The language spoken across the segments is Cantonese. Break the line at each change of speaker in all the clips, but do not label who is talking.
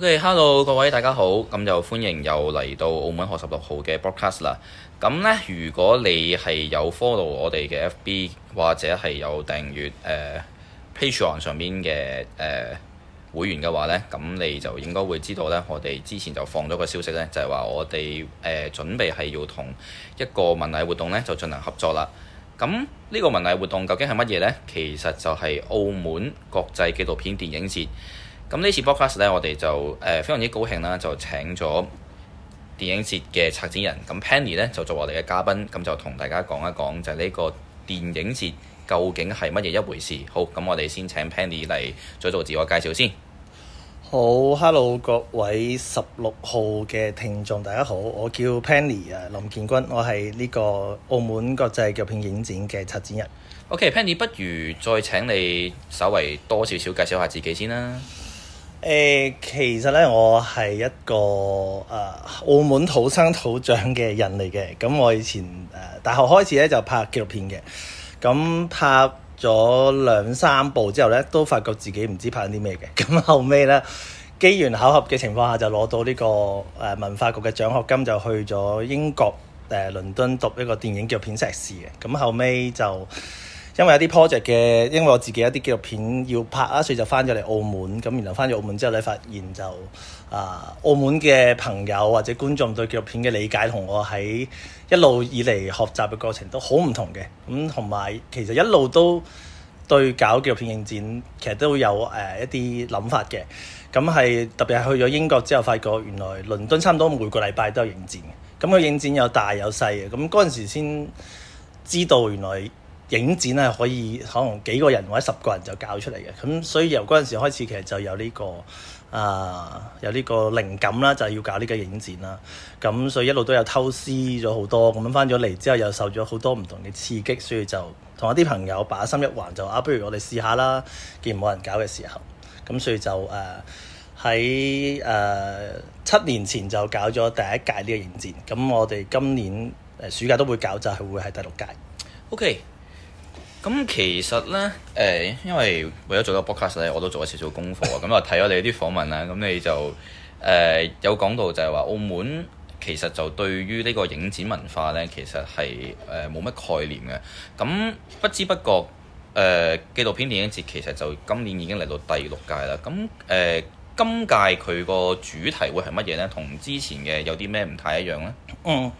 Okay, hello, 各位大家好，咁就歡迎又嚟到澳門學十六號嘅 broadcast 啦。咁呢，如果你係有 follow 我哋嘅 FB 或者係有訂閱誒、uh, Patreon 上面嘅誒、uh, 會員嘅話呢，咁你就應該會知道呢。我哋之前就放咗個消息呢，就係、是、話我哋誒、uh, 準備係要同一個文藝活動呢就進行合作啦。咁呢個文藝活動究竟係乜嘢呢？其實就係澳門國際紀錄片電影節。咁呢次 focus 呢，我哋就誒、呃、非常之高興啦，就請咗電影節嘅策展人咁 Penny 呢，就做我哋嘅嘉賓，咁就同大家講一講就係呢個電影節究竟係乜嘢一回事。好，咁我哋先請 Penny 嚟再做，做自我介紹先。
好，hello 各位十六號嘅聽眾，大家好，我叫 Penny 啊，林鍵均，我係呢個澳門國際紀錄片影展嘅策展人。
OK，Penny，okay, 不如再請你稍為多少少介紹下自己先
啦。誒，其實咧，我係一個誒澳門土生土長嘅人嚟嘅。咁我以前誒大學開始咧就拍紀錄片嘅。咁拍咗兩三部之後咧，都發覺自己唔知拍緊啲咩嘅。咁後尾咧，機緣巧合嘅情況下就攞到呢個誒文化局嘅獎學金，就去咗英國誒倫敦讀一個電影紀錄片碩士嘅。咁後尾就。因為有啲 project 嘅，因為我自己一啲紀錄片要拍啊，所以就翻咗嚟澳門咁。然後翻咗澳門之後咧，你發現就啊、呃，澳門嘅朋友或者觀眾對紀錄片嘅理解同我喺一路以嚟學習嘅過程都好唔同嘅。咁同埋其實一路都對搞紀錄片影展，其實都有誒、呃、一啲諗法嘅。咁係特別係去咗英國之後，發覺原來倫敦差唔多每個禮拜都有影展。咁佢影展有大有細嘅，咁嗰陣時先知道原來。影展係可以可能幾個人或者十個人就搞出嚟嘅，咁所以由嗰陣時開始其實就有呢、呢個啊、呃、有呢個靈感啦，就係要搞呢個影展啦。咁所以一路都有偷師咗好多，咁返咗嚟之後又受咗好多唔同嘅刺激，所以就同一啲朋友把心一橫就啊，不如我哋試下啦，既然冇人搞嘅時候，咁所以就誒喺誒七年前就搞咗第一屆呢個影展，咁我哋今年誒、呃、暑假都會搞，就係、係、會係第六屆。OK。咁
其實咧，誒、呃，因為為咗做個 podcast 咧，我都做一次做功課咁啊，睇咗你啲訪問啦。咁你就誒、呃、有講到就係話，澳門其實就對於呢個影展文化咧，其實係誒冇乜概念嘅。咁不知不覺誒、呃、紀錄片電影節其實就今年已經嚟到第六屆啦。咁誒、呃、今屆佢個主題會係乜嘢咧？同之前嘅有啲咩唔太一樣咧？嗯，
誒、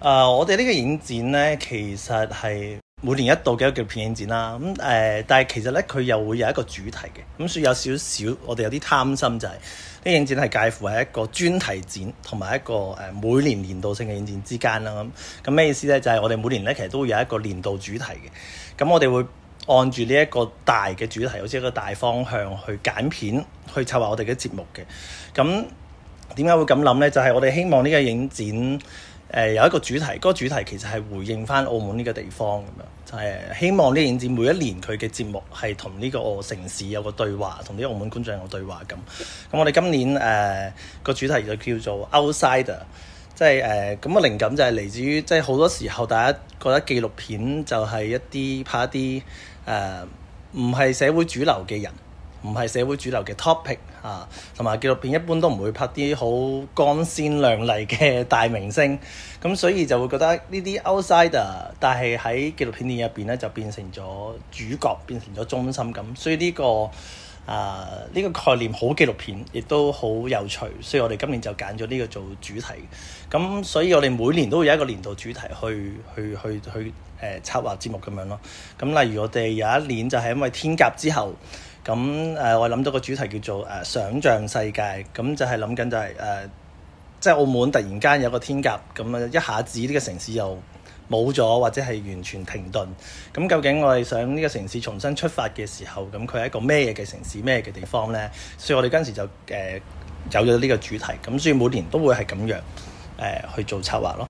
呃，我哋呢個影展咧，其實係～每年一度嘅一個紀錄片影展啦，咁誒，但係其實咧佢又會有一個主題嘅，咁所以有少少我哋有啲貪心就係啲影展係介乎喺一個專題展同埋一個誒每年年度性嘅影展之間啦，咁咁咩意思咧？就係、是、我哋每年咧其實都會有一個年度主題嘅，咁我哋會按住呢一個大嘅主題，好似一個大方向去揀片，去策劃我哋嘅節目嘅。咁點解會咁諗咧？就係、是、我哋希望呢個影展誒有一個主題，嗰、那個主題其實係回應翻澳門呢個地方咁樣。就係希望呢影展每一年佢嘅節目係同呢個城市有個對話，同啲澳門觀眾有個對話咁。咁我哋今年誒個主題就叫做 Outsider，即係誒咁個靈感就係嚟自於即係好多時候大家覺得紀錄片就係一啲拍一啲誒唔係社會主流嘅人，唔係社會主流嘅 topic。啊，同埋紀錄片一般都唔會拍啲好光鮮亮麗嘅大明星，咁所以就會覺得呢啲 outsider，但係喺紀錄片電影入邊咧就變成咗主角，變成咗中心咁。所以呢、呢個啊呢、呢個概念好紀錄片，亦都好有趣。所以我哋今年就揀咗呢個做主題。咁所以我哋每年都會有一個年度主題去去去去誒、呃、策劃節目咁樣咯。咁例如我哋有一年就係因為天鴿之後。咁誒、嗯，我諗到個主題叫做誒、呃、想像世界，咁、嗯、就係諗緊就係、是、誒、呃，即係澳門突然間有個天鴿，咁、嗯、啊一下子呢個城市又冇咗，或者係完全停頓。咁、嗯、究竟我哋想呢個城市重新出發嘅時候，咁佢係一個咩嘅城市，咩嘅地方呢？所以我哋嗰陣時就誒、呃、有咗呢個主題，咁、嗯、所以每年都會係咁樣誒、呃、去做策劃咯。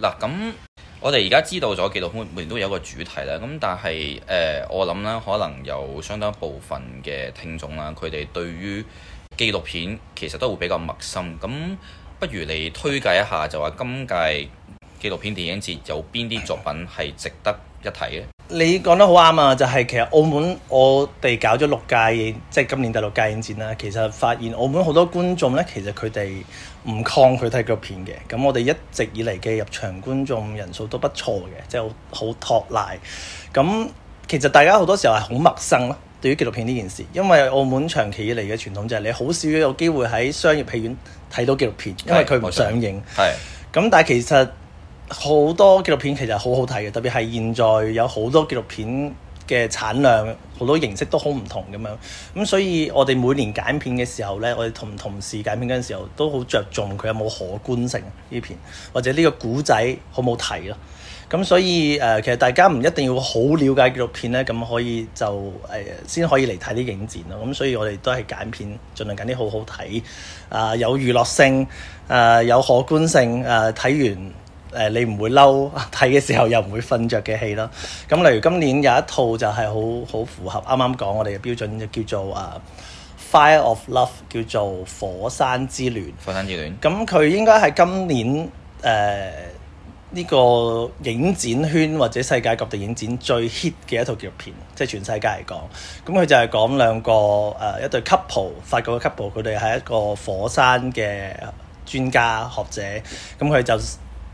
嗱，咁我哋而家知道咗紀錄片每年都有一個主題啦，咁但係誒、呃，我諗啦，可能有相當一部分嘅聽眾啦，佢哋對於紀錄片其實都會比較陌生，咁不如你推介一下，就話今屆紀錄片電影節有邊啲作品係值得一睇
咧？你講得好啱啊，就係、是、其實澳門我哋搞咗六屆，即、就、係、是、今年第六屆影展啦，其實發現澳門好多觀眾呢，其實佢哋唔抗拒睇紀錄片嘅，咁我哋一直以嚟嘅入場觀眾人數都不錯嘅，即係好好託賴。咁其實大家好多時候係好陌生咯，對於紀錄片呢件事，因為澳門長期以嚟嘅傳統就係你好少有機會喺商業戲院睇到紀錄片，因為佢唔上映。係。咁但係其實好多紀錄片其實好好睇嘅，特別係現在有好多紀錄片嘅產量。好多形式都好唔同咁樣，咁所以我哋每年揀片嘅時候咧，我哋同同事揀片嗰陣時候都好着重佢有冇可觀性呢片，或者呢個古仔好冇睇咯。咁所以誒、呃，其實大家唔一定要好了解紀錄片咧，咁可以就誒、呃、先可以嚟睇啲影展咯。咁所以我哋都係揀片，盡量揀啲好好睇、啊、呃、有娛樂性、啊、呃、有可觀性、啊、呃、睇完。誒，你唔會嬲，睇嘅時候又唔會瞓着嘅戲咯。咁，例如今年有一套就係好好符合啱啱講我哋嘅標準，就叫做《啊、uh, Fire of Love》，叫做《火山之戀》。火山之戀。咁佢應該係今年誒呢、uh, 個影展圈或者世界各地影展最 hit 嘅一套紀錄片，即係全世界嚟講。咁佢就係講兩個誒、uh, 一對 couple 法國嘅 couple，佢哋係一個火山嘅專家學者。咁佢就～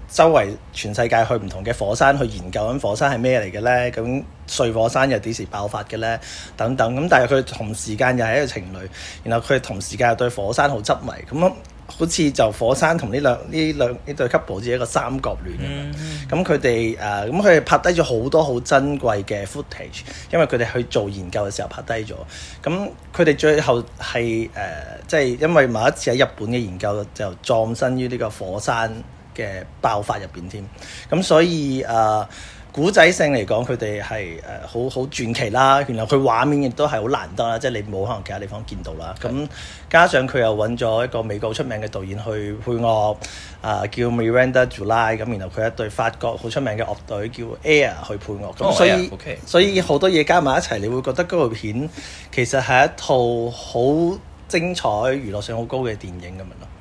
周圍全世界去唔同嘅火山去研究緊火山係咩嚟嘅咧？咁碎火山又幾時爆發嘅咧？等等咁，但係佢同時間又係一個情侶，然後佢同時間又對火山好執迷，咁、嗯、好似就火山同呢兩呢兩呢對 couple 似係一個三角戀咁樣。咁佢哋誒，咁佢哋拍低咗好多好珍貴嘅 footage，因為佢哋去做研究嘅時候拍低咗。咁佢哋最後係誒，即、呃、係、就是、因為某一次喺日本嘅研究就葬身於呢個火山。嘅爆發入邊添，咁、嗯、所以誒、呃，故仔性嚟講，佢哋係誒好好傳奇啦。然後佢畫面亦都係好難得啦，即、就、係、是、你冇可能其他地方見到啦。咁是的、嗯、加上佢又揾咗一個美國出名嘅導演去配樂，誒、呃、叫 Miranda July，咁、嗯、然後佢一對法國好出名嘅樂隊叫 Air 去配樂。咁、嗯 oh, 所以 yeah, okay. 所以好多嘢加埋一齊，你會覺得嗰部片其實係一套好精彩、娛樂性好高嘅電影咁樣咯。嗯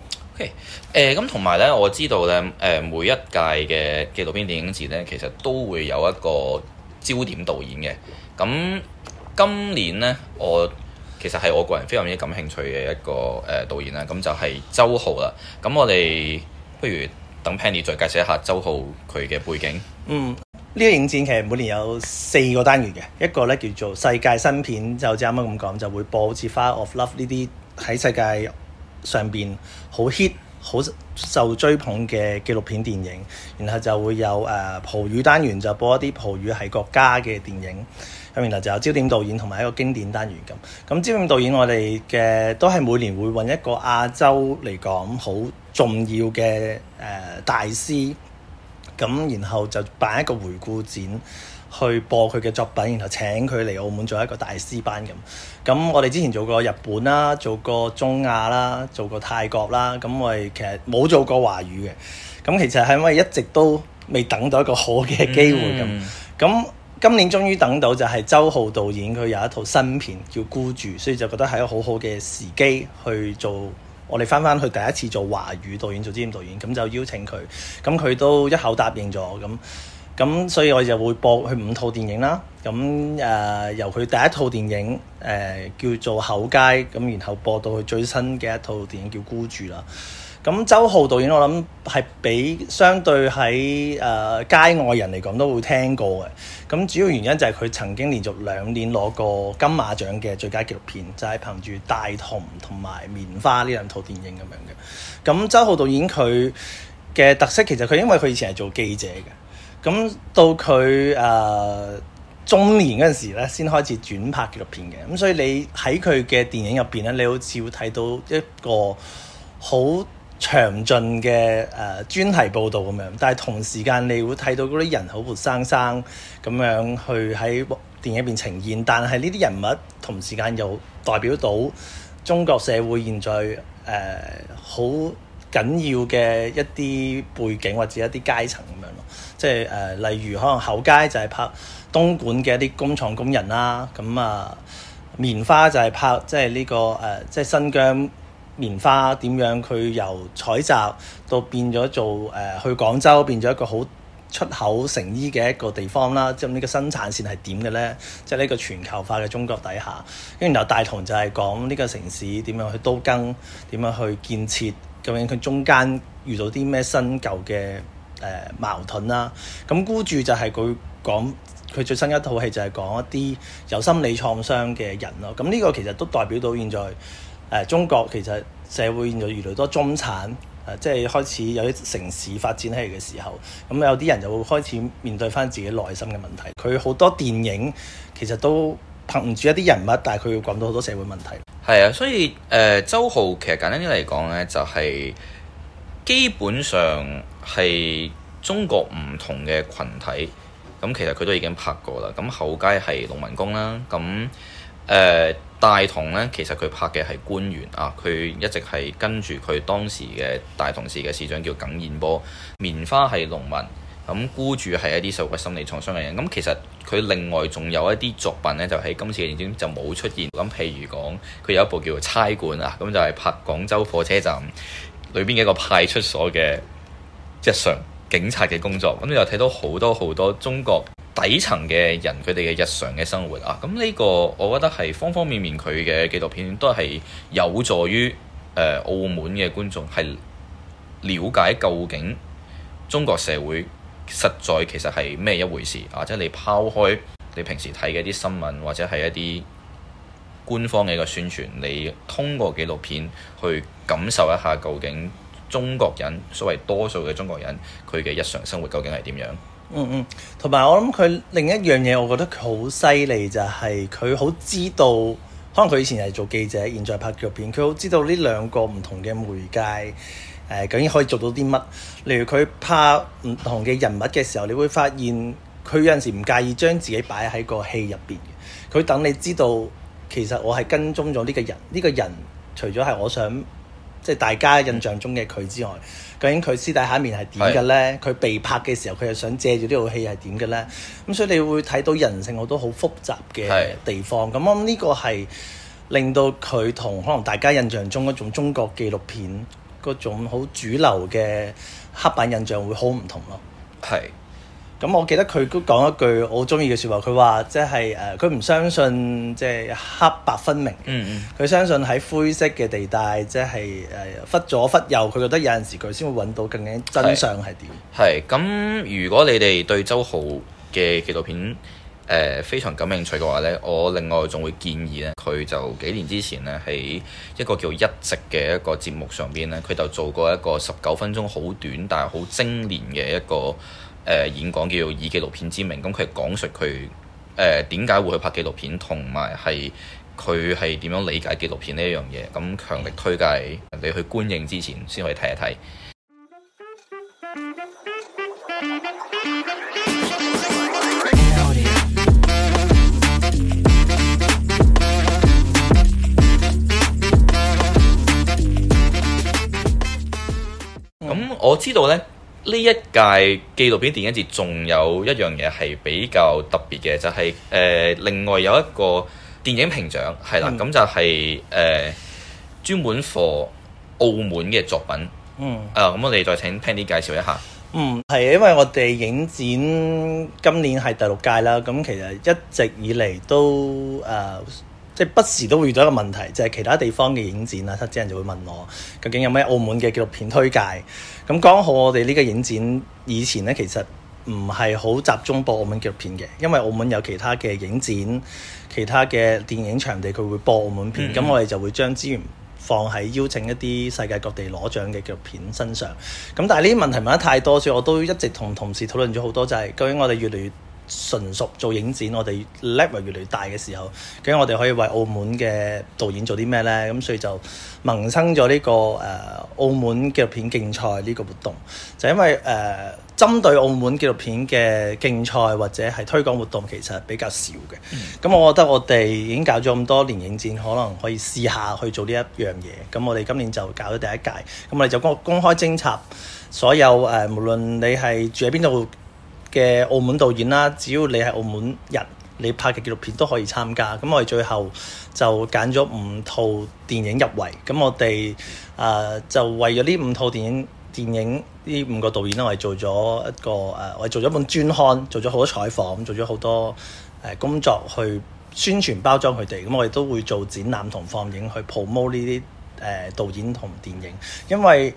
誒，咁同埋咧，我知道咧，誒、呃，每一屆嘅嘅紀錄片電影節咧，其實都會有一個焦點導演嘅。咁今年咧，我其實係我個人非常之感興趣嘅一個誒導演啦。咁就係周浩啦。咁我哋不如等 Penny 再介紹一下周浩佢嘅背景。
嗯，呢、這個影展其實每年有四個單元嘅，一個咧叫做世界新片，就好似啱啱咁講，就會播好似《Fire of Love》呢啲喺世界上邊，好 hit 好受追捧嘅紀錄片電影，然後就會有誒葡語單元，就播一啲葡語系國家嘅電影，咁然後就有焦點導演同埋一個經典單元咁。咁、嗯、焦點導演我哋嘅都係每年會揾一個亞洲嚟講好重要嘅誒、呃、大師，咁、嗯、然後就辦一個回顧展。去播佢嘅作品，然後請佢嚟澳門做一個大師班咁。咁我哋之前做過日本啦，做過中亞啦，做過泰國啦。咁我哋其實冇做過華語嘅。咁其實係因為一直都未等到一個好嘅機會咁。咁、嗯、今年終於等到就係周浩導演佢有一套新片叫《孤注》，所以就覺得係一個好好嘅時機去做。我哋翻翻去第一次做華語導演，做資深導演，咁就邀請佢，咁佢都一口答應咗咁。咁所以我就會播佢五套電影啦。咁誒、呃、由佢第一套電影誒、呃、叫做《厚街》，咁然後播到佢最新嘅一套電影叫《孤注》啦。咁周浩導演，我諗係比相對喺誒、呃、街外人嚟講都會聽過嘅。咁主要原因就係佢曾經連續兩年攞過金馬獎嘅最佳紀錄片，就係憑住《大同》同埋《棉花》呢兩套電影咁樣嘅。咁周浩導演佢嘅特色其實佢因為佢以前係做記者嘅。咁到佢誒、呃、中年嗰陣時咧，先開始轉拍紀錄片嘅。咁所以你喺佢嘅電影入邊咧，你好似會睇到一個好詳盡嘅誒專題報導咁樣。但係同時間你會睇到嗰啲人好活生生咁樣去喺電影入邊呈現。但係呢啲人物同時間又代表到中國社會現在誒好。呃緊要嘅一啲背景或者一啲階層咁樣咯，即係誒、呃，例如可能厚街就係拍東莞嘅一啲工廠工人啦，咁啊棉花就係拍即係呢個誒，即係、這個啊、新疆棉花點樣佢由採集到變咗做誒、呃、去廣州變咗一個好出口成衣嘅一個地方啦、啊。即係呢個生產線係點嘅咧？即係呢個全球化嘅中國底下，跟住然後大同就係講呢個城市點樣去都更，點樣去建設。究竟佢中間遇到啲咩新舊嘅誒矛盾啦、啊？咁孤注就係佢講佢最新一套戲就係講一啲有心理創傷嘅人咯、啊。咁呢個其實都代表到現在誒、呃、中國其實社會現在越嚟越多中產誒，即、啊、係、就是、開始有啲城市發展起嚟嘅時候，咁有啲人就會開始面對返自己內心嘅問題。佢好多電影其實都憑住一啲人物，但係佢要講到好多社會問題。
係啊，所以誒、呃，周浩其實簡單啲嚟講咧，就係、是、基本上係中國唔同嘅群體，咁其實佢都已經拍過啦。咁厚街係農民工啦，咁誒、呃、大同咧，其實佢拍嘅係官員啊，佢一直係跟住佢當時嘅大同市嘅市長叫耿彥波，棉花係農民。咁、嗯、孤注係一啲受過心理創傷嘅人，咁、嗯、其實佢另外仲有一啲作品呢，就喺今次嘅影展就冇出現。咁、嗯、譬如講，佢有一部叫做《差館》啊，咁、嗯、就係、是、拍廣州火車站裏邊嘅一個派出所嘅日常警察嘅工作。咁又睇到好多好多中國底層嘅人，佢哋嘅日常嘅生活啊。咁、嗯、呢、這個我覺得係方方面面，佢嘅紀錄片都係有助於誒、呃、澳門嘅觀眾係了解究竟中國社會，實在其實係咩一回事，或者你拋開你平時睇嘅啲新聞，或者係一啲官方嘅一個宣傳，你通過紀錄片去感受一下，究竟中國人所謂多數嘅中國人佢嘅日常生活究竟係點樣？
嗯嗯，同埋我諗佢另一樣嘢，我覺得佢好犀利就係佢好知道，可能佢以前係做記者，現在拍紀錄片，佢好知道呢兩個唔同嘅媒介。誒、嗯、究竟可以做到啲乜？例如佢拍唔同嘅人物嘅時候，你會發現佢有陣時唔介意將自己擺喺個戲入邊。佢等你知道，其實我係跟蹤咗呢個人，呢、呢個人除咗係我想即係大家印象中嘅佢之外，究竟佢私底下面係點嘅咧？佢是被拍嘅時候，佢又想借住呢套戲係點嘅咧？咁所以你會睇到人性好多好複雜嘅地方。咁我諗呢個係令到佢同可能大家印象中一種中國紀錄片。嗰種好主流嘅黑板印象會好唔同咯。係是。咁我記得佢都講一句我中意嘅説話，佢話即係誒，佢、呃、唔相信即係黑白分明。嗯嗯。佢相信喺灰色嘅地帶、就是，即係誒忽左忽右，佢覺得有陣時佢先會揾到究竟真相係點。
係。咁如果你哋對周浩嘅紀錄片，誒非常感興趣嘅話呢，我另外仲會建議咧，佢就幾年之前呢，喺一個叫《一席》嘅一個節目上邊呢，佢就做過一個十九分鐘，好短但係好精煉嘅一個誒演講，叫做《以紀錄片之名》。咁佢係講述佢誒點解會去拍紀錄片，同埋係佢係點樣理解紀錄片呢一樣嘢。咁強力推介你去觀影之前先可以睇一睇。知道咧呢一屆紀錄片電影節，仲有一樣嘢係比較特別嘅，就係誒另外有一個電影評獎係啦，咁、嗯、就係誒專門 for 澳門嘅作品。嗯，啊，咁我哋再請 Penny 介紹一下。嗯，
係因為我哋影展今年係第六屆啦，咁其實一直以嚟都誒。呃即係不時都會遇到一個問題，就係、是、其他地方嘅影展啊，策展人就會問我究竟有咩澳門嘅紀錄片推介？咁剛好我哋呢個影展以前呢，其實唔係好集中播澳門紀錄片嘅，因為澳門有其他嘅影展、其他嘅電影場地佢會播澳門片，咁、嗯、我哋就會將資源放喺邀請一啲世界各地攞獎嘅紀錄片身上。咁但係呢啲問題問得太多，所以我都一直同同事討論咗好多，就係究竟我哋越嚟越純屬做影展，我哋 level 越嚟越大嘅時候，咁我哋可以為澳門嘅導演做啲咩咧？咁、嗯、所以就萌生咗呢、這個誒、呃、澳門紀錄片競賽呢個活動。就因為誒針、呃、對澳門紀錄片嘅競賽或者係推廣活動其實比較少嘅。咁、嗯、我覺得我哋已經搞咗咁多年影展，可能可以試下去做呢一樣嘢。咁我哋今年就搞咗第一屆。咁我哋就公公開徵集所有誒、呃，無論你係住喺邊度。嘅澳門導演啦，只要你係澳門人，你拍嘅紀錄片都可以參加。咁我哋最後就揀咗五套電影入圍。咁我哋啊、呃、就為咗呢五套電影、電影呢五個導演啦，我哋做咗一個誒、呃，我哋做咗一本專刊，做咗好多採訪，做咗好多誒工作去宣傳包裝佢哋。咁我哋都會做展覽同放映去 promote 呢啲誒、呃、導演同電影，因為，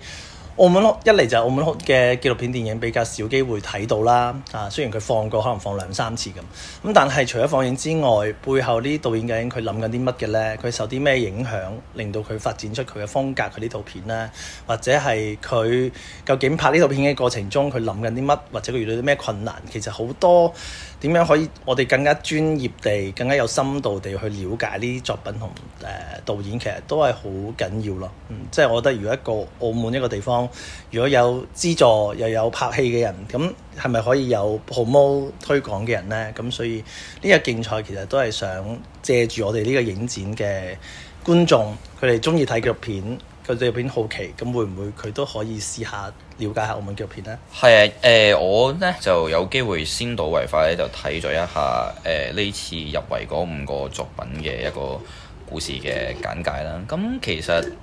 澳門咯，一嚟就澳門嘅紀錄片電影比較少機會睇到啦，啊，雖然佢放過可能放兩三次咁，咁但係除咗放映之外，背後呢導演究竟佢諗緊啲乜嘅咧？佢受啲咩影響，令到佢發展出佢嘅風格？佢呢套片咧，或者係佢究竟拍呢套片嘅過程中，佢諗緊啲乜？或者佢遇到啲咩困難？其實好多點樣可以我哋更加專業地、更加有深度地去了解呢啲作品同誒、呃、導演，其實都係好緊要咯。嗯，即、就、係、是、我覺得如果一個澳門一個地方，如果有資助又有拍戲嘅人，咁係咪可以有 promo 推廣嘅人呢？咁所以呢個競賽其實都係想借住我哋呢個影展嘅觀眾，佢哋中意睇紀錄片，佢對紀錄片好奇，咁會唔會佢都可以試下了解下澳門紀錄片呢？
係啊，誒、呃、我呢就有機會先睹為快咧，就睇咗一下誒呢、呃、次入圍嗰五個作品嘅一個故事嘅簡介啦。咁其實～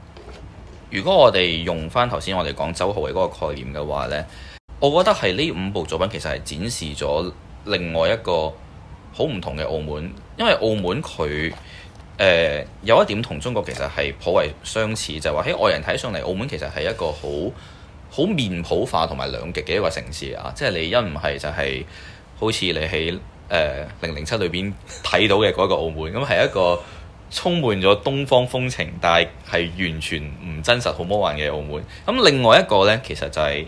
如果我哋用翻頭先我哋講周浩嘅嗰個概念嘅話呢，我覺得係呢五部作品其實係展示咗另外一個好唔同嘅澳門，因為澳門佢誒、呃、有一點同中國其實係頗為相似，就係話喺外人睇上嚟，澳門其實係一個好好面譜化同埋兩極嘅一個城市啊，即係你一唔係就係好似你喺誒《零零七》裏邊睇到嘅嗰個澳門，咁係一個。充滿咗東方風情，但係係完全唔真實好魔幻嘅澳門。咁另外一個呢，其實就係、是、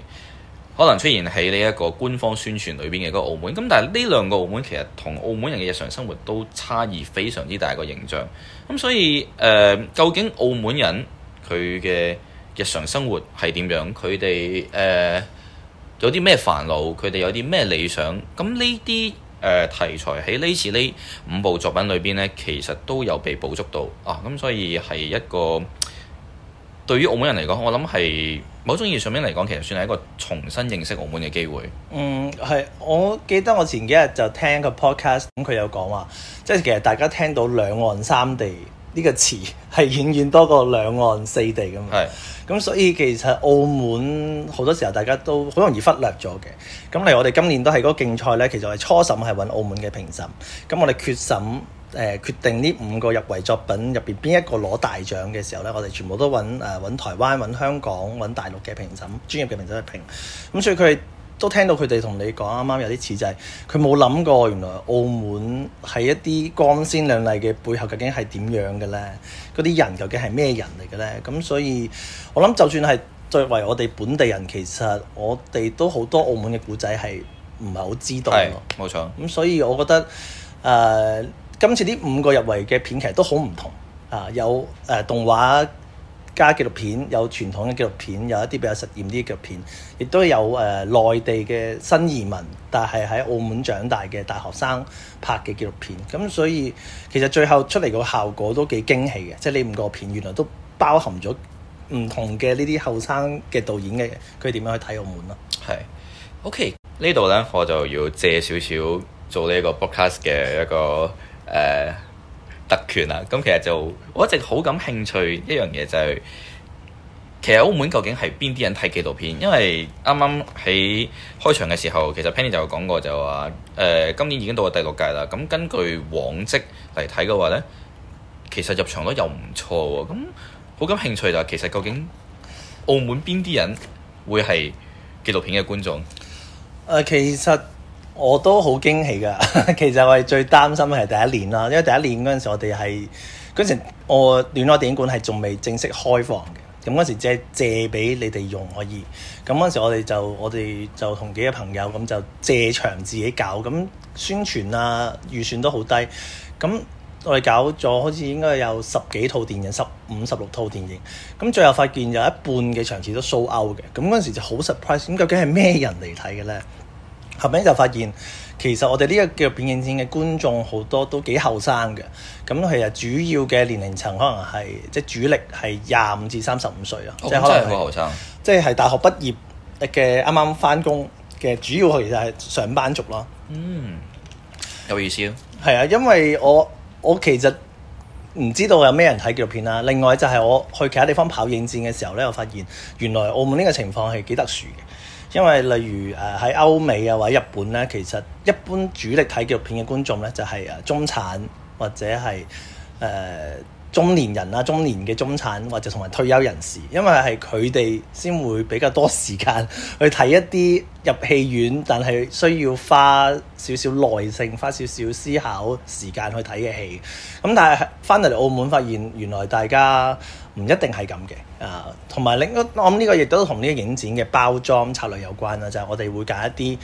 可能出現喺呢一個官方宣傳裏邊嘅一個澳門。咁但係呢兩個澳門其實同澳門人嘅日常生活都差異非常之大嘅一個形象。咁所以誒、呃，究竟澳門人佢嘅日常生活係點樣？佢哋誒有啲咩煩惱？佢哋有啲咩理想？咁呢啲，誒、呃、題材喺呢次呢五部作品裏邊呢，其實都有被捕捉到啊！咁所以係一個對於澳門人嚟講，我諗係某種意義上面嚟講，其實算係一個重新認識澳門嘅機會。
嗯，係，我記得我前幾日就聽個 podcast，咁佢有講話，即係其實大家聽到兩岸三地。呢個詞係遠遠多過兩岸四地㗎嘛，咁是所以其實澳門好多時候大家都好容易忽略咗嘅。咁嚟我哋今年都係嗰個競賽咧，其實係初審係揾澳門嘅評審，咁我哋決審誒、呃、決定呢五個入圍作品入邊邊一個攞大獎嘅時候咧，我哋全部都揾誒揾台灣、揾香港、揾大陸嘅評審，專業嘅評審去評，咁所以佢。都聽到佢哋同你講啱啱有啲似，就係佢冇諗過，原來澳門喺一啲光鮮亮麗嘅背後，究竟係點樣嘅咧？嗰啲人究竟係咩人嚟嘅咧？咁所以，我諗就算係作為我哋本地人，其實我哋都好多澳門嘅故仔係唔係好知道，
冇錯。咁
所以，我覺得誒、呃、今次呢五個入圍嘅片其實都好唔同啊、呃，有誒、呃、動畫，加紀錄片有傳統嘅紀錄片，有，片有一啲比較實驗啲嘅紀錄片，亦都有誒、呃、內地嘅新移民，但係喺澳門長大嘅大學生拍嘅紀錄片。咁所以其實最後出嚟個效果都幾驚喜嘅，即係呢五個片原來都包含咗唔同嘅呢啲後生嘅導演嘅佢點樣去睇澳門咯。係
，OK 呢度呢，我就要借少少做呢個 podcast 嘅一個誒。呃特權啦、啊，咁其實就我一直好感興趣一樣嘢就係、是，其實澳門究竟係邊啲人睇紀錄片？因為啱啱喺開場嘅時候，其實 Penny 就有講過就話，誒、呃、今年已經到咗第六屆啦。咁根據往績嚟睇嘅話咧，其實入場率又唔錯喎、啊。咁好感興趣就係其實究竟澳門邊啲人會係紀錄片嘅觀眾？
誒、啊，其實。我都好驚喜噶，其實我係最擔心嘅係第一年啦，因為第一年嗰陣時我哋係嗰時我戀愛電影館係仲未正式開放嘅，咁嗰時借借畀你哋用可以，咁嗰時我哋就我哋就同幾個朋友咁就借場自己搞。咁宣傳啊預算都好低，咁我哋搞咗好似應該有十幾套電影，十五十六套電影，咁最後發現有一半嘅場次都 sold out 嘅，咁嗰陣時就好 surprise，咁究竟係咩人嚟睇嘅咧？後尾就發現，其實我哋呢一個紀錄片影展嘅觀眾好多都幾後生嘅，咁其實主要嘅年齡層可能係即係主力係廿五至三十五歲啊，哦、即係可能後生，即係大學畢業嘅啱啱翻工嘅主要其實係上班族咯。嗯，
有意思咯、啊。
係啊，因為我我其實唔知道有咩人睇紀錄片啦。另外就係我去其他地方跑影展嘅時候咧，我發現原來澳門呢個情況係幾特殊嘅。因為例如誒喺歐美啊或者日本咧，其實一般主力睇紀錄片嘅觀眾咧就係、是、誒中產或者係誒、呃、中年人啦，中年嘅中產或者同埋退休人士，因為係佢哋先會比較多時間去睇一啲入戲院，但係需要花少少耐性、花少少思考時間去睇嘅戲。咁、嗯、但係翻嚟嚟澳門，發現原來大家。唔一定係咁嘅，啊，同埋另我諗呢個亦都同呢個影展嘅包裝策略有關啦，就係、是、我哋會揀一啲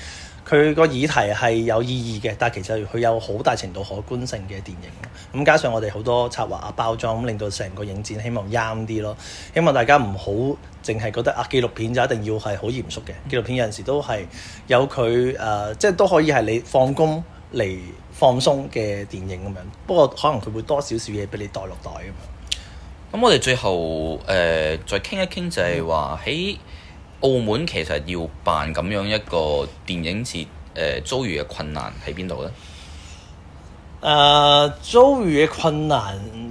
佢個議題係有意義嘅，但係其實佢有好大程度可觀性嘅電影。咁、啊、加上我哋好多策劃啊包裝，令到成個影展希望啱啲咯。希望大家唔好淨係覺得啊紀錄片就一定要係好嚴肅嘅，紀錄片有陣時都係有佢誒、啊，即係都可以係你放工嚟放鬆嘅電影咁樣。不過可能佢會多少少嘢俾你袋落袋咁樣。
咁我哋最後誒、呃、再傾一傾，就係話喺澳門其實要辦咁樣一個
電影節，誒、呃、遭遇嘅困難喺邊度咧？誒、呃、遭遇嘅困難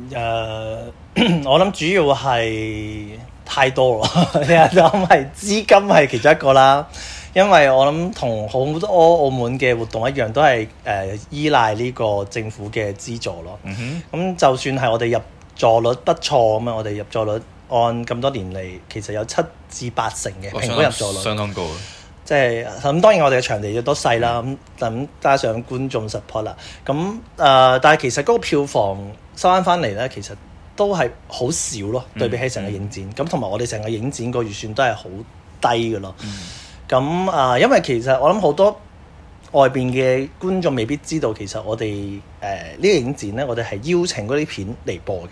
誒、呃， 我諗主要係太多啦。你話諗係資金係其中一個啦，因為我諗同好多澳門嘅活動一樣，都係誒、呃、依賴呢個政府嘅資助咯。嗯咁、mm hmm. 咁就算係我哋入座率不錯吖嘛，我哋入座率按咁多年嚟，其實有七至八成嘅平均入座率，相當，相當高。即係咁，當然我哋嘅場地要多細啦。咁，加上觀眾 support 啦。咁啊、呃，但係其實嗰個票房收翻翻嚟咧，其實都係好少咯。嗯、對比起成個影展咁，同埋、嗯、我哋成個影展個預算都係好低噶咯。咁啊，因為其實我諗好多，外邊嘅觀眾未必知道，其實我哋誒呢個影展咧，我哋係邀請嗰啲片嚟播嘅。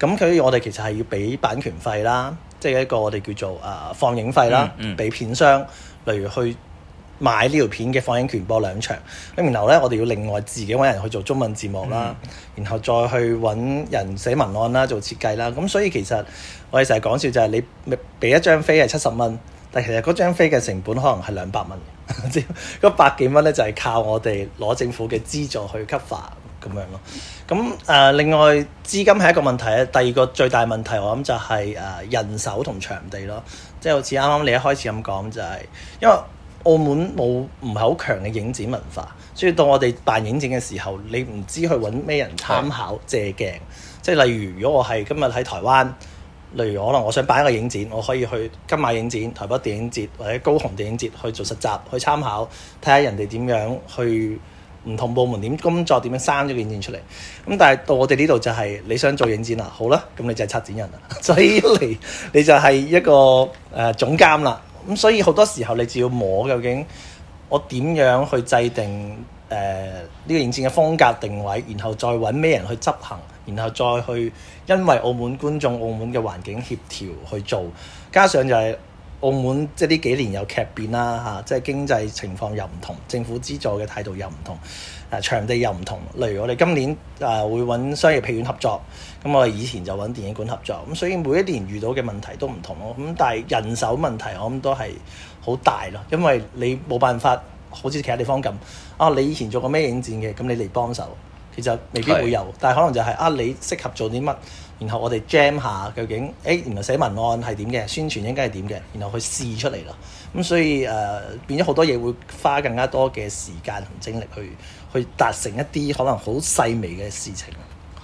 咁佢我哋其實係要俾版權費啦，即係一個我哋叫做誒、呃、放映費啦，俾、嗯嗯、片商例如去買呢條片嘅放映權播兩場。咁然後咧，我哋要另外自己揾人去做中文字幕啦，嗯、然後再去揾人寫文案啦、做設計啦。咁所以其實我哋成日講笑就係你俾一張飛係七十蚊，但其實嗰張飛嘅成本可能係兩百蚊。個 百幾蚊咧，就係靠我哋攞政府嘅資助去給發咁樣咯。咁誒、呃，另外資金係一個問題咧。第二個最大問題我、就是，我諗就係誒人手同場地咯。即係好似啱啱你一開始咁講，就係、是、因為澳門冇唔係好強嘅影展文化，所以到我哋辦影展嘅時候，你唔知去揾咩人參考借鏡。即係的例如，如果我係今日喺台灣。例如，可能我想辦一個影展，我可以去金馬影展、台北電影節或者高雄電影節去做實習、去參考，睇下人哋點樣去唔同部門點工作，點樣生咗個影展出嚟。咁但係到我哋呢度就係、是、你想做影展啦、啊，好啦，咁你就係策展人啦。所以你，你就係一個誒、呃、總監啦。咁所以好多時候你就要摸究竟我點樣去制定。誒呢、呃這個影展嘅風格定位，然後再揾咩人去執行，然後再去因為澳門觀眾、澳門嘅環境協調去做，加上就係澳門即係呢幾年有劇變啦嚇、啊，即係經濟情況又唔同，政府資助嘅態度又唔同，誒、啊、場地又唔同。例如我哋今年誒、啊、會揾商業戲院合作，咁、嗯、我哋以前就揾電影館合作，咁、嗯、所以每一年遇到嘅問題都唔同咯。咁、嗯、但係人手問題，我諗都係好大咯，因為你冇辦法。好似其他地方咁，啊你以前做過咩影展嘅，咁你嚟幫手，其實未必會有，的但係可能就係、是、啊你適合做啲乜，然後我哋 jam 下究竟，誒原來寫文案係點嘅，宣傳應該係點嘅，然後去試出嚟啦。咁、嗯、所以誒、呃、變咗好多嘢會花更加多嘅時間同精力去去達成一啲可能好細微嘅事情。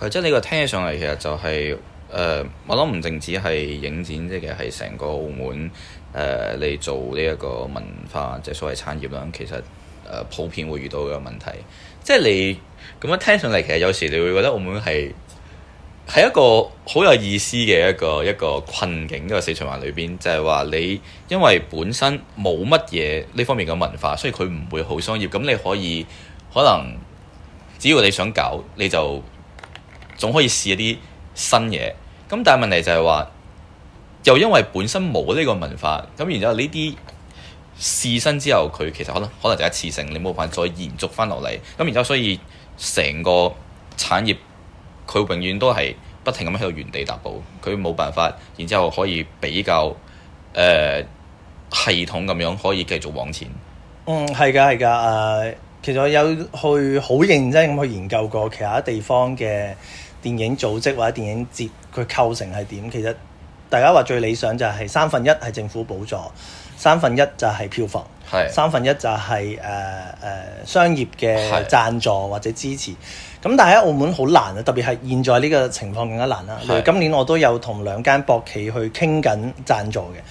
係，即係呢個聽起上嚟其實就係、是、誒、呃，我諗唔淨止係影展即係係成個澳門。誒，你、呃、做呢一個文化，即係所謂產業啦。其實誒、呃，普遍會遇到嘅問題，即係你咁樣聽上嚟，其實有時你會覺得澳門係係一個好有意思嘅一個一個困境。因為死循環裏邊就係、是、話你，因為本身冇乜嘢呢方面嘅文化，所以佢唔會好商業。咁你可以可能只要你想搞，你就總可以試一啲新嘢。咁但係問題就係話。又因為本身冇呢個文化，咁然之後呢啲試身之後，佢其實可能可能就一次性，你冇辦法再延續翻落嚟。咁然之後，所以成個產業佢永遠都係不停咁喺度原地踏步，佢冇辦法，然之後可以比較誒、呃、系統咁樣可以繼續往前。
嗯，係㗎係㗎，誒、呃，其實我有去好認真咁去研究過其他地方嘅電影組織或者電影節，佢構成係點？其實。大家話最理想就係三分一係政府補助，三分一就係票房，是三分一就係誒誒商業嘅贊助或者支持。咁是但係喺澳門好難啊，特別係現在呢個情況更加難啦。是嗱，今年我都有同兩間博企去傾緊贊助嘅。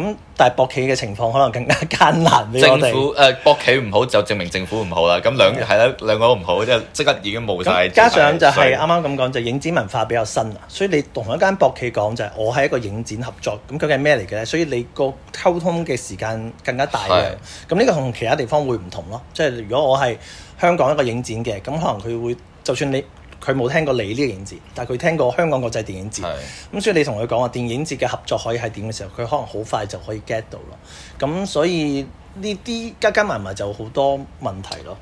咁但係博企嘅情況可能更加艱難。政府誒、呃、
博企唔好就證明政府唔好啦。咁兩係啦，兩 個都唔好，即係即刻已經冇晒、嗯。加上就係啱
啱咁講，就是、影展文化比較新啊，所以你同一間博企講就係、是、我係一個影展合作，咁佢係咩嚟嘅咧？所以你個溝通嘅時間更加大嘅。咁呢是的 個同其他地方會唔同咯。即係如果我係香港一個影展嘅，咁可能佢會就算你。佢冇聽過你呢個影節，但係佢聽過香港國際電影節。咁的所以你同佢講話電影節嘅合作可以係點嘅時候，佢可能好快就可以 get 到咯。咁所以呢啲加加埋埋就好多問題咯。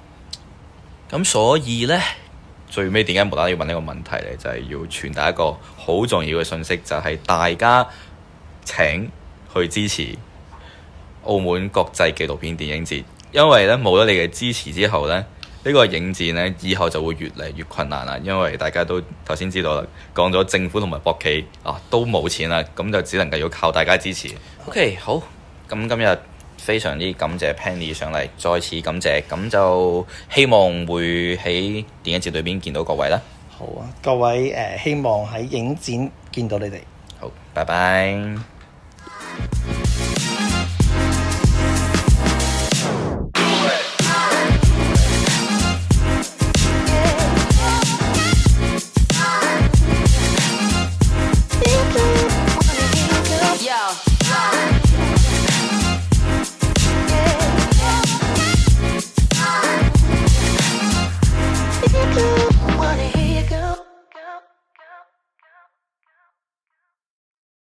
咁所以呢，
最尾點解無啦啦要問呢個問題呢？就係、是、要傳達一個好重要嘅信息，就係、是、大家請去支持澳門國際紀錄片電影節，因為呢，冇咗你嘅支持之後呢。呢個影展呢，以後就會越嚟越困難啦，因為大家都頭先知道啦，講咗政府同埋博企啊都冇錢啦，咁就只能夠要靠大家支持。OK，好，咁今日非常之感謝 Penny 上嚟，再次感謝，咁就希望會喺電影節裏邊見到各位啦。
好啊，各位誒、呃，希望喺影展見到你哋。
好，拜拜。